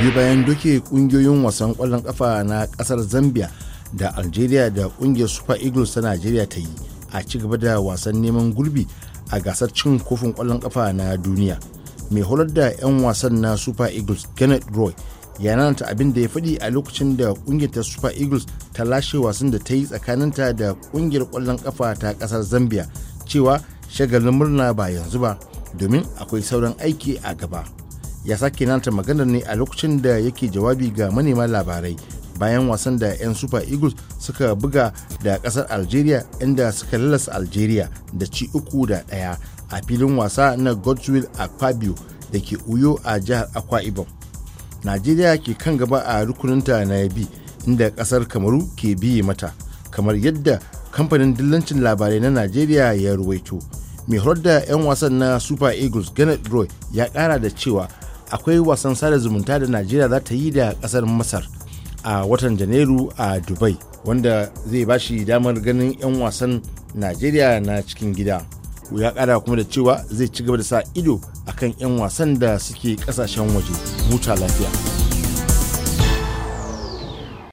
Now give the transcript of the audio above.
biyu bayan duke kungiyoyin wasan kwallon kafa na kasar zambia da algeria da kungiyar super eagles ta nigeria ta yi a ci gaba da wasan neman gurbi a gasar cin kofin kwallon kafa na duniya mai horar da 'yan wasan na super eagles kenneth roy ya nanata abin da ya faɗi a lokacin da kungiyar ta super eagles ta lashe wasan da ta yi tsakaninta da kungiyar kwallon kafa ta kasar zambia cewa shagalin murna ba yanzu ba domin akwai sauran aiki a gaba ya sake nata maganar ne a lokacin da yake jawabi ga manema labarai bayan wasan da 'yan super eagles suka buga da kasar algeria inda suka lalasa algeria da ci uku da daya a filin wasa na godswill fabio da ke uyo a jihar akwa ibom najeriya ke kan gaba a rukuninta na bi inda kasar kamaru ke biye mata kamar yadda kamfanin dillancin labarai na najeriya ya ruwaito mai horar da 'yan wasan na super eagles janet roy ya kara da cewa akwai wasan sada zumunta da najeriya za ta yi da kasar masar a watan janairu a dubai wanda zai ba shi damar ganin 'yan wasan najeriya na cikin gida ya kara kuma da cewa zai ci gaba da sa ido akan 'yan wasan da suke kasashen waje muta lafiya